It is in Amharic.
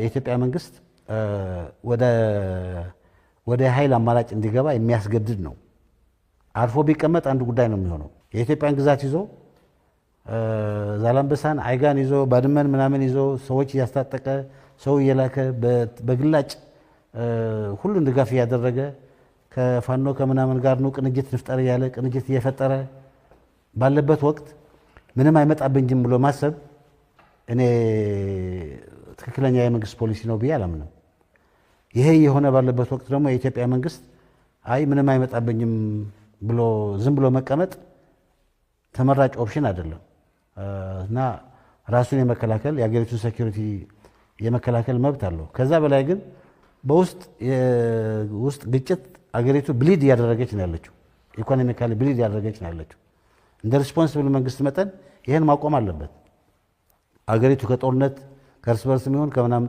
የኢትዮጵያ መንግስት ወደ ኃይል አማራጭ እንዲገባ የሚያስገድድ ነው። አርፎ ቢቀመጥ አንድ ጉዳይ ነው የሚሆነው። የኢትዮጵያን ግዛት ይዞ ዛላምበሳን፣ አይጋን ይዞ ባድመን ምናምን ይዞ ሰዎች እያስታጠቀ ሰው እየላከ በግላጭ ሁሉን ድጋፍ እያደረገ ከፋኖ ከምናምን ጋር ነው ቅንጅት ንፍጠር እያለ ቅንጅት እየፈጠረ ባለበት ወቅት ምንም አይመጣብኝም ብሎ ማሰብ እኔ ትክክለኛ የመንግስት ፖሊሲ ነው ብዬ አላምንም። ይሄ የሆነ ባለበት ወቅት ደግሞ የኢትዮጵያ መንግስት አይ ምንም አይመጣብኝም ብሎ ዝም ብሎ መቀመጥ ተመራጭ ኦፕሽን አይደለም እና ራሱን የመከላከል የአገሪቱን ሴኪሪቲ የመከላከል መብት አለው። ከዛ በላይ ግን በውስጥ ውስጥ ግጭት አገሪቱ ብሊድ እያደረገች ነው ያለችው፣ ኢኮኖሚካሊ ብሊድ እያደረገች ነው ያለችው። እንደ ሪስፖንስብል መንግስት መጠን ይህን ማቆም አለበት። አገሪቱ ከጦርነት ከእርስ በርስ የሚሆን ከምናምን